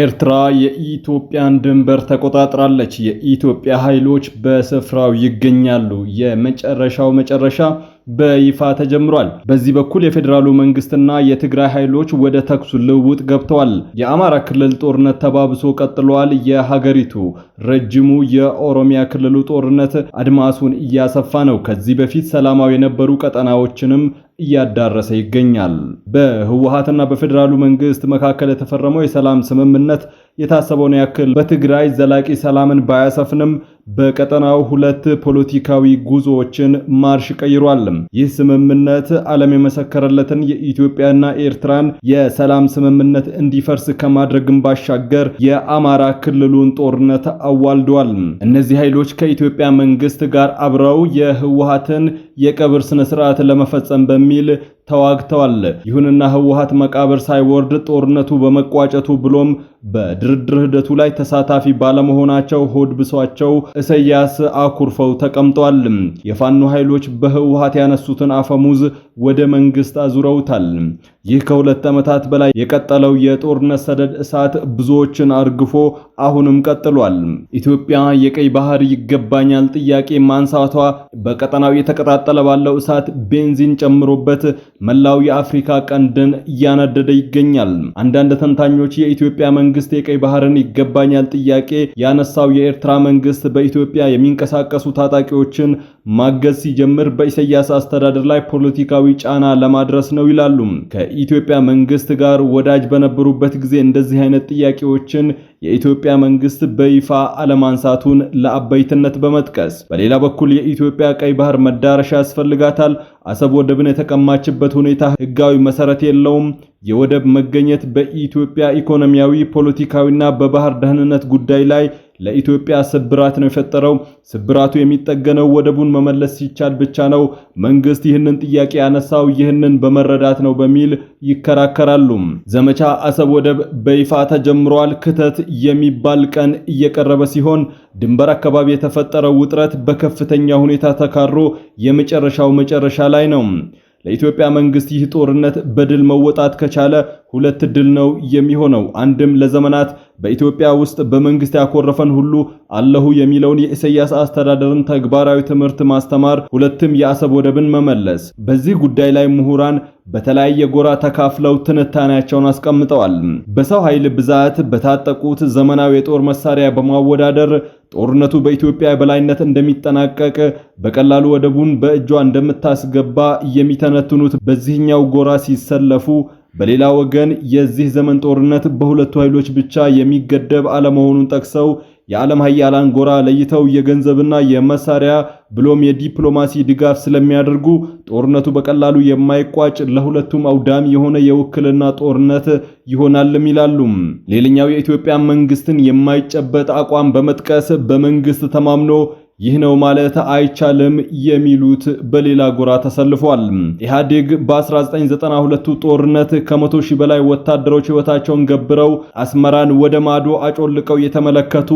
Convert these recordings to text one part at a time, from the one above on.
ኤርትራ የኢትዮጵያን ድንበር ተቆጣጥራለች። የኢትዮጵያ ኃይሎች በስፍራው ይገኛሉ። የመጨረሻው መጨረሻ በይፋ ተጀምሯል። በዚህ በኩል የፌዴራሉ መንግስትና የትግራይ ኃይሎች ወደ ተኩስ ልውውጥ ገብተዋል። የአማራ ክልል ጦርነት ተባብሶ ቀጥሏል። የሀገሪቱ ረጅሙ የኦሮሚያ ክልሉ ጦርነት አድማሱን እያሰፋ ነው። ከዚህ በፊት ሰላማዊ የነበሩ ቀጠናዎችንም እያዳረሰ ይገኛል። በህወሀትና በፌዴራሉ መንግስት መካከል የተፈረመው የሰላም ስምምነት የታሰበውን ያክል በትግራይ ዘላቂ ሰላምን ባያሰፍንም በቀጠናው ሁለት ፖለቲካዊ ጉዞዎችን ማርሽ ቀይሯል። ይህ ስምምነት ዓለም የመሰከረለትን የኢትዮጵያና ኤርትራን የሰላም ስምምነት እንዲፈርስ ከማድረግም ባሻገር የአማራ ክልሉን ጦርነት አዋልዷል። እነዚህ ኃይሎች ከኢትዮጵያ መንግስት ጋር አብረው የህወሀትን የቀብር ስነ ስርዓት ለመፈጸም በሚል ተዋግተዋል። ይሁንና ህወሓት መቃብር ሳይወርድ ጦርነቱ በመቋጨቱ ብሎም በድርድር ሂደቱ ላይ ተሳታፊ ባለመሆናቸው ሆድ ብሷቸው እሰያስ አኩርፈው ተቀምጧል። የፋኖ ኃይሎች በህወሓት ያነሱትን አፈሙዝ ወደ መንግስት አዙረውታል። ይህ ከሁለት ዓመታት በላይ የቀጠለው የጦርነት ሰደድ እሳት ብዙዎችን አርግፎ አሁንም ቀጥሏል። ኢትዮጵያ የቀይ ባህር ይገባኛል ጥያቄ ማንሳቷ በቀጠናው የተቀጣጠለ ባለው እሳት ቤንዚን ጨምሮበት መላው የአፍሪካ ቀንድን እያነደደ ይገኛል። አንዳንድ ተንታኞች የኢትዮጵያ መንግስት የቀይ ባህርን ይገባኛል ጥያቄ ያነሳው የኤርትራ መንግስት በኢትዮጵያ የሚንቀሳቀሱ ታጣቂዎችን ማገዝ ሲጀምር በኢሳያስ አስተዳደር ላይ ፖለቲካዊ ጫና ለማድረስ ነው ይላሉ። ከኢትዮጵያ መንግስት ጋር ወዳጅ በነበሩበት ጊዜ እንደዚህ አይነት ጥያቄዎችን የኢትዮጵያ መንግስት በይፋ አለማንሳቱን ለአበይትነት በመጥቀስ በሌላ በኩል የኢትዮጵያ ቀይ ባህር መዳረሻ ያስፈልጋታል፣ አሰብ ወደብን የተቀማችበት ሁኔታ ህጋዊ መሰረት የለውም፣ የወደብ መገኘት በኢትዮጵያ ኢኮኖሚያዊ ፖለቲካዊና በባህር ደህንነት ጉዳይ ላይ ለኢትዮጵያ ስብራት ነው የፈጠረው። ስብራቱ የሚጠገነው ወደቡን መመለስ ሲቻል ብቻ ነው። መንግስት ይህንን ጥያቄ ያነሳው ይህንን በመረዳት ነው በሚል ይከራከራሉ። ዘመቻ አሰብ ወደብ በይፋ ተጀምሯል። ክተት የሚባል ቀን እየቀረበ ሲሆን ድንበር አካባቢ የተፈጠረው ውጥረት በከፍተኛ ሁኔታ ተካሮ የመጨረሻው መጨረሻ ላይ ነው። ለኢትዮጵያ መንግስት ይህ ጦርነት በድል መወጣት ከቻለ ሁለት ድል ነው የሚሆነው። አንድም ለዘመናት በኢትዮጵያ ውስጥ በመንግስት ያኮረፈን ሁሉ አለሁ የሚለውን የኢሳያስ አስተዳደርን ተግባራዊ ትምህርት ማስተማር፣ ሁለትም የአሰብ ወደብን መመለስ። በዚህ ጉዳይ ላይ ምሁራን በተለያየ ጎራ ተካፍለው ትንታኔያቸውን አስቀምጠዋል። በሰው ኃይል ብዛት በታጠቁት ዘመናዊ የጦር መሳሪያ በማወዳደር ጦርነቱ በኢትዮጵያ በላይነት እንደሚጠናቀቅ በቀላሉ ወደቡን በእጇ እንደምታስገባ የሚተነትኑት በዚህኛው ጎራ ሲሰለፉ በሌላ ወገን የዚህ ዘመን ጦርነት በሁለቱ ኃይሎች ብቻ የሚገደብ አለመሆኑን ጠቅሰው የዓለም ሀያላን ጎራ ለይተው የገንዘብና የመሳሪያ ብሎም የዲፕሎማሲ ድጋፍ ስለሚያደርጉ ጦርነቱ በቀላሉ የማይቋጭ ለሁለቱም አውዳሚ የሆነ የውክልና ጦርነት ይሆናልም ይላሉ። ሌላኛው የኢትዮጵያ መንግስትን የማይጨበጥ አቋም በመጥቀስ በመንግስት ተማምኖ ይህ ነው ማለት አይቻልም የሚሉት በሌላ ጎራ ተሰልፏል። ኢህአዴግ በ1992ቱ ጦርነት ከመቶ ሺህ በላይ ወታደሮች ህይወታቸውን ገብረው አስመራን ወደ ማዶ አጮልቀው የተመለከቱ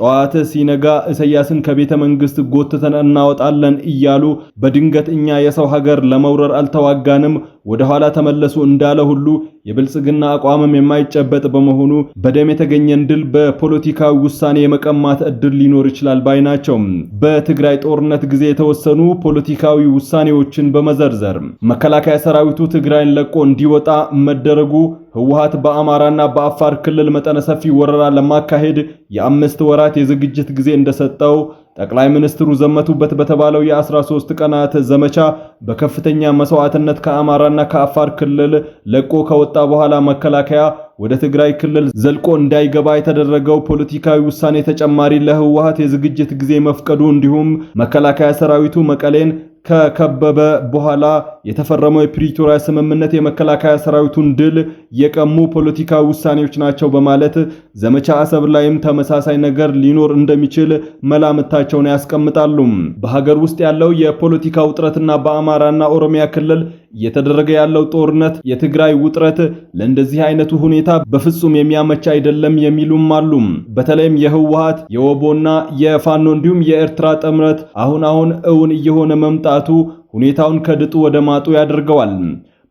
ጠዋት ሲነጋ ኢሳያስን ከቤተ መንግስት ጎትተን እናወጣለን እያሉ በድንገት እኛ የሰው ሀገር ለመውረር አልተዋጋንም፣ ወደ ኋላ ተመለሱ እንዳለ ሁሉ የብልጽግና አቋምም የማይጨበጥ በመሆኑ በደም የተገኘን ድል በፖለቲካዊ ውሳኔ የመቀማት እድል ሊኖር ይችላል ባይ ናቸው። በትግራይ ጦርነት ጊዜ የተወሰኑ ፖለቲካዊ ውሳኔዎችን በመዘርዘር መከላከያ ሰራዊቱ ትግራይን ለቆ እንዲወጣ መደረጉ ህወሓት በአማራና በአፋር ክልል መጠነ ሰፊ ወረራ ለማካሄድ የአምስት ወራት የዝግጅት ጊዜ እንደሰጠው ጠቅላይ ሚኒስትሩ ዘመቱበት በተባለው የ13 ቀናት ዘመቻ በከፍተኛ መስዋዕትነት ከአማራና ከአፋር ክልል ለቆ ከወጣ በኋላ መከላከያ ወደ ትግራይ ክልል ዘልቆ እንዳይገባ የተደረገው ፖለቲካዊ ውሳኔ ተጨማሪ ለህወሓት የዝግጅት ጊዜ መፍቀዱ እንዲሁም መከላከያ ሰራዊቱ መቀሌን ከከበበ በኋላ የተፈረመው የፕሪቶሪያ ስምምነት የመከላከያ ሰራዊቱን ድል የቀሙ ፖለቲካዊ ውሳኔዎች ናቸው በማለት ዘመቻ አሰብ ላይም ተመሳሳይ ነገር ሊኖር እንደሚችል መላምታቸውን ያስቀምጣሉ። በሀገር ውስጥ ያለው የፖለቲካ ውጥረትና በአማራና ኦሮሚያ ክልል እየተደረገ ያለው ጦርነት፣ የትግራይ ውጥረት ለእንደዚህ አይነቱ ሁኔታ በፍጹም የሚያመች አይደለም የሚሉም አሉ። በተለይም የህወሓት የወቦና የፋኖ እንዲሁም የኤርትራ ጥምረት አሁን አሁን እውን እየሆነ መምጣቱ ሁኔታውን ከድጡ ወደ ማጡ ያደርገዋል።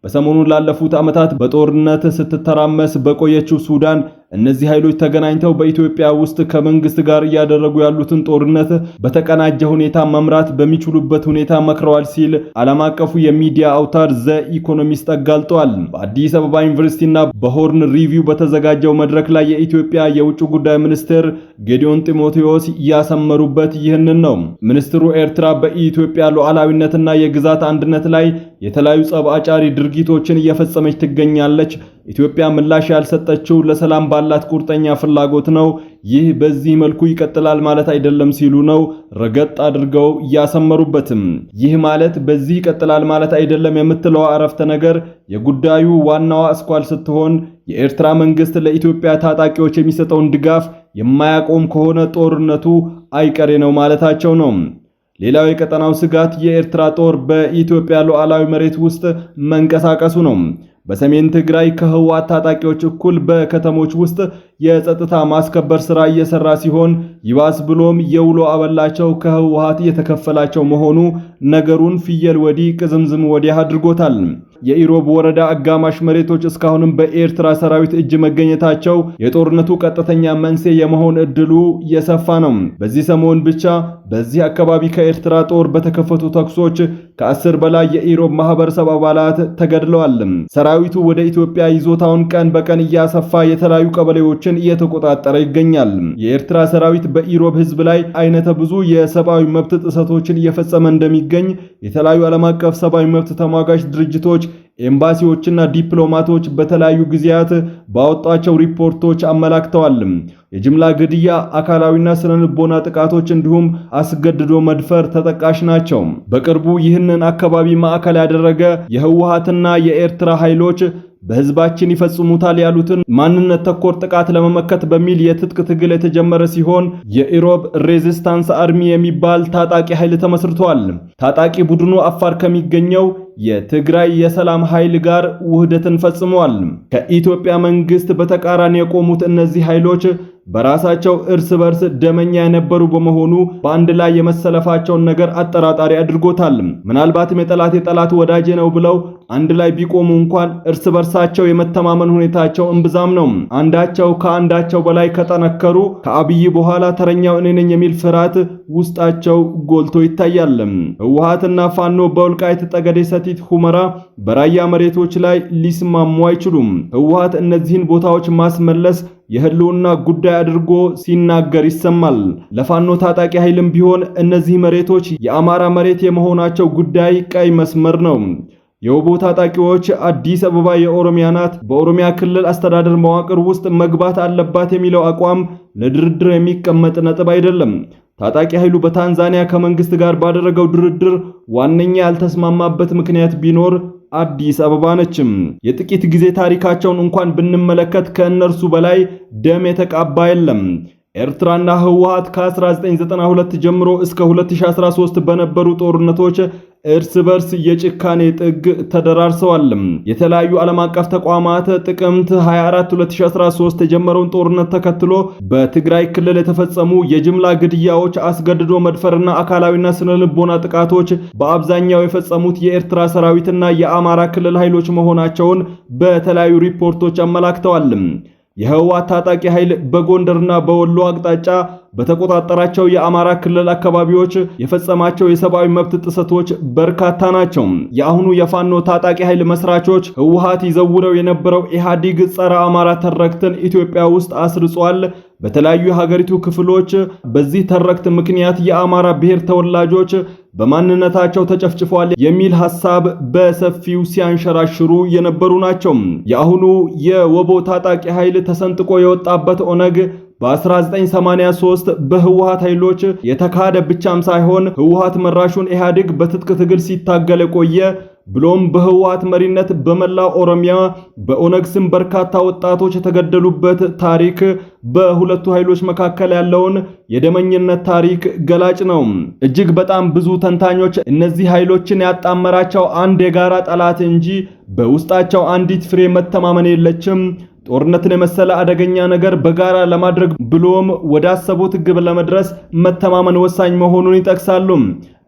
በሰሞኑ ላለፉት ዓመታት በጦርነት ስትተራመስ በቆየችው ሱዳን እነዚህ ኃይሎች ተገናኝተው በኢትዮጵያ ውስጥ ከመንግስት ጋር እያደረጉ ያሉትን ጦርነት በተቀናጀ ሁኔታ መምራት በሚችሉበት ሁኔታ መክረዋል ሲል ዓለም አቀፉ የሚዲያ አውታር ዘ ኢኮኖሚስት አጋልጧል። በአዲስ አበባ ዩኒቨርሲቲና በሆርን ሪቪው በተዘጋጀው መድረክ ላይ የኢትዮጵያ የውጭ ጉዳይ ሚኒስትር ጌዲዮን ጢሞቴዎስ ያሰመሩበት ይህንን ነው። ሚኒስትሩ ኤርትራ በኢትዮጵያ ሉዓላዊነትና የግዛት አንድነት ላይ የተለያዩ ጸብ አጫሪ ድርጊቶችን እየፈጸመች ትገኛለች ኢትዮጵያ ምላሽ ያልሰጠችው ለሰላም ባላት ቁርጠኛ ፍላጎት ነው። ይህ በዚህ መልኩ ይቀጥላል ማለት አይደለም ሲሉ ነው ረገጥ አድርገው እያሰመሩበትም። ይህ ማለት በዚህ ይቀጥላል ማለት አይደለም የምትለው አረፍተ ነገር የጉዳዩ ዋናዋ አስኳል ስትሆን የኤርትራ መንግስት ለኢትዮጵያ ታጣቂዎች የሚሰጠውን ድጋፍ የማያቆም ከሆነ ጦርነቱ አይቀሬ ነው ማለታቸው ነው። ሌላው የቀጠናው ስጋት የኤርትራ ጦር በኢትዮጵያ ሉዓላዊ መሬት ውስጥ መንቀሳቀሱ ነው። በሰሜን ትግራይ ከህወሓት ታጣቂዎች እኩል በከተሞች ውስጥ የጸጥታ ማስከበር ስራ እየሰራ ሲሆን ይባስ ብሎም የውሎ አበላቸው ከህውሃት የተከፈላቸው መሆኑ ነገሩን ፍየል ወዲህ ቅዝምዝም ወዲህ አድርጎታል። የኢሮብ ወረዳ አጋማሽ መሬቶች እስካሁንም በኤርትራ ሰራዊት እጅ መገኘታቸው የጦርነቱ ቀጥተኛ መንስኤ የመሆን እድሉ የሰፋ ነው። በዚህ ሰሞን ብቻ በዚህ አካባቢ ከኤርትራ ጦር በተከፈቱ ተኩሶች ከአስር በላይ የኢሮብ ማህበረሰብ አባላት ተገድለዋል። ሰራዊቱ ወደ ኢትዮጵያ ይዞታውን ቀን በቀን እያሰፋ የተለያዩ ቀበሌዎችን እየተቆጣጠረ ይገኛል። የኤርትራ ሰራዊት በኢሮብ ህዝብ ላይ አይነተ ብዙ የሰብአዊ መብት ጥሰቶችን እየፈጸመ እንደሚገኝ የተለያዩ ዓለም አቀፍ ሰብአዊ መብት ተሟጋች ድርጅቶች ኤምባሲዎችና ዲፕሎማቶች በተለያዩ ጊዜያት ባወጣቸው ሪፖርቶች አመላክተዋል። የጅምላ ግድያ፣ አካላዊና ስነልቦና ጥቃቶች እንዲሁም አስገድዶ መድፈር ተጠቃሽ ናቸው። በቅርቡ ይህንን አካባቢ ማዕከል ያደረገ የህወሓትና የኤርትራ ኃይሎች በህዝባችን ይፈጽሙታል ያሉትን ማንነት ተኮር ጥቃት ለመመከት በሚል የትጥቅ ትግል የተጀመረ ሲሆን የኢሮብ ሬዚስታንስ አርሚ የሚባል ታጣቂ ኃይል ተመስርቷል። ታጣቂ ቡድኑ አፋር ከሚገኘው የትግራይ የሰላም ኃይል ጋር ውህደትን ፈጽመዋል። ከኢትዮጵያ መንግስት በተቃራኒ የቆሙት እነዚህ ኃይሎች በራሳቸው እርስ በርስ ደመኛ የነበሩ በመሆኑ በአንድ ላይ የመሰለፋቸውን ነገር አጠራጣሪ አድርጎታል። ምናልባትም የጠላት የጠላት ወዳጄ ነው ብለው አንድ ላይ ቢቆሙ እንኳን እርስ በርሳቸው የመተማመን ሁኔታቸው እምብዛም ነው። አንዳቸው ከአንዳቸው በላይ ከጠነከሩ ከአብይ በኋላ ተረኛው እኔ ነኝ የሚል ፍርሃት ውስጣቸው ጎልቶ ይታያል። ህወሓትና ፋኖ በወልቃይት ጠገዴ፣ ሰቲት ሁመራ፣ በራያ መሬቶች ላይ ሊስማሙ አይችሉም። ህወሓት እነዚህን ቦታዎች ማስመለስ የህልውና ጉዳይ አድርጎ ሲናገር ይሰማል። ለፋኖ ታጣቂ ኃይልም ቢሆን እነዚህ መሬቶች የአማራ መሬት የመሆናቸው ጉዳይ ቀይ መስመር ነው። የውቦ ታጣቂዎች አዲስ አበባ የኦሮሚያ ናት፣ በኦሮሚያ ክልል አስተዳደር መዋቅር ውስጥ መግባት አለባት የሚለው አቋም ለድርድር የሚቀመጥ ነጥብ አይደለም። ታጣቂ ኃይሉ በታንዛኒያ ከመንግስት ጋር ባደረገው ድርድር ዋነኛ ያልተስማማበት ምክንያት ቢኖር አዲስ አበባ ነችም። የጥቂት ጊዜ ታሪካቸውን እንኳን ብንመለከት ከእነርሱ በላይ ደም የተቃባ የለም። ኤርትራና ህወሓት ከ1992 ጀምሮ እስከ 2013 በነበሩ ጦርነቶች እርስ በርስ የጭካኔ ጥግ ተደራርሰዋል። የተለያዩ ዓለም አቀፍ ተቋማት ጥቅምት 24 2013 የጀመረውን ጦርነት ተከትሎ በትግራይ ክልል የተፈጸሙ የጅምላ ግድያዎች፣ አስገድዶ መድፈርና አካላዊና ስነ ልቦና ጥቃቶች በአብዛኛው የፈጸሙት የኤርትራ ሰራዊትና የአማራ ክልል ኃይሎች መሆናቸውን በተለያዩ ሪፖርቶች አመላክተዋል። የህወሓት ታጣቂ ኃይል በጎንደርና በወሎ አቅጣጫ በተቆጣጠራቸው የአማራ ክልል አካባቢዎች የፈጸማቸው የሰብአዊ መብት ጥሰቶች በርካታ ናቸው። የአሁኑ የፋኖ ታጣቂ ኃይል መስራቾች ህውሃት ይዘውረው የነበረው ኢህአዲግ ጸረ አማራ ተረክትን ኢትዮጵያ ውስጥ አስርጿል። በተለያዩ የሀገሪቱ ክፍሎች በዚህ ተረክት ምክንያት የአማራ ብሔር ተወላጆች በማንነታቸው ተጨፍጭፏል የሚል ሐሳብ በሰፊው ሲያንሸራሽሩ የነበሩ ናቸው። የአሁኑ የወቦ ታጣቂ ኃይል ተሰንጥቆ የወጣበት ኦነግ በ1983 በህወሀት ኃይሎች የተካደ ብቻም ሳይሆን ህወሀት መራሹን ኢህአዴግ በትጥቅ ትግል ሲታገል የቆየ ብሎም በህወሀት መሪነት በመላ ኦሮሚያ በኦነግ ስም በርካታ ወጣቶች የተገደሉበት ታሪክ በሁለቱ ኃይሎች መካከል ያለውን የደመኝነት ታሪክ ገላጭ ነው። እጅግ በጣም ብዙ ተንታኞች እነዚህ ኃይሎችን ያጣመራቸው አንድ የጋራ ጠላት እንጂ በውስጣቸው አንዲት ፍሬ መተማመን የለችም ጦርነትን የመሰለ አደገኛ ነገር በጋራ ለማድረግ ብሎም ወዳሰቡት ግብ ለመድረስ መተማመን ወሳኝ መሆኑን ይጠቅሳሉ።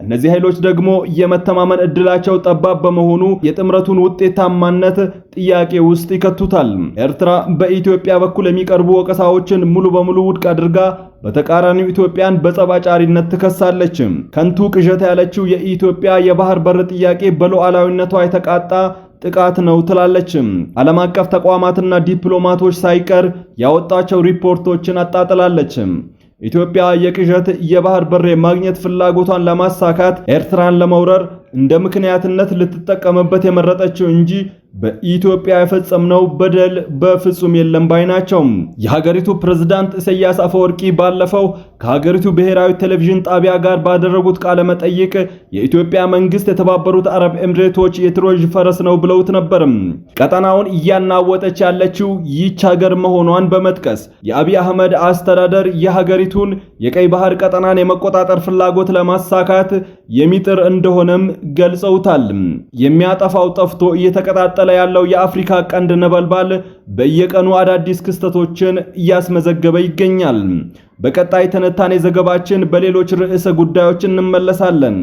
እነዚህ ኃይሎች ደግሞ የመተማመን እድላቸው ጠባብ በመሆኑ የጥምረቱን ውጤታማነት ጥያቄ ውስጥ ይከቱታል። ኤርትራ በኢትዮጵያ በኩል የሚቀርቡ ወቀሳዎችን ሙሉ በሙሉ ውድቅ አድርጋ በተቃራኒው ኢትዮጵያን በጸባጫሪነት ትከሳለች። ከንቱ ቅዠት ያለችው የኢትዮጵያ የባህር በር ጥያቄ በሉዓላዊነቷ የተቃጣ ጥቃት ነው ትላለችም። ዓለም አቀፍ ተቋማትና ዲፕሎማቶች ሳይቀር ያወጣቸው ሪፖርቶችን አጣጥላለች ኢትዮጵያ የቅዠት የባህር በር የማግኘት ፍላጎቷን ለማሳካት ኤርትራን ለመውረር እንደ ምክንያትነት ልትጠቀምበት የመረጠችው እንጂ በኢትዮጵያ የፈጸምነው በደል በፍጹም የለም ባይ ናቸው። የሀገሪቱ ፕሬዝዳንት ኢሳያስ አፈወርቂ ባለፈው ከሀገሪቱ ብሔራዊ ቴሌቪዥን ጣቢያ ጋር ባደረጉት ቃለ መጠይቅ የኢትዮጵያ መንግስት የተባበሩት አረብ ኤምሬቶች የትሮዥ ፈረስ ነው ብለውት ነበር። ቀጠናውን እያናወጠች ያለችው ይች ሀገር መሆኗን በመጥቀስ የአብይ አህመድ አስተዳደር የሀገሪቱን የቀይ ባህር ቀጠናን የመቆጣጠር ፍላጎት ለማሳካት የሚጥር እንደሆነም ገልጸውታል። የሚያጠፋው ጠፍቶ እየተቀጣጠ እየቀጠለ ያለው የአፍሪካ ቀንድ ነበልባል በየቀኑ አዳዲስ ክስተቶችን እያስመዘገበ ይገኛል። በቀጣይ ትንታኔ ዘገባችን በሌሎች ርዕሰ ጉዳዮች እንመለሳለን።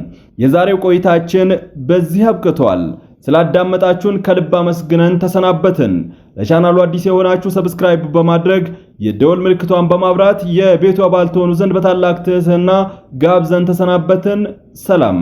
የዛሬው ቆይታችን በዚህ አብቅቷል። ስላዳመጣችሁን ከልብ አመስግነን ተሰናበትን። ለቻናሉ አዲስ የሆናችሁ ሰብስክራይብ በማድረግ የደወል ምልክቷን በማብራት የቤቱ አባል ትሆኑ ዘንድ በታላቅ ትህትና ጋብዘን ተሰናበትን። ሰላም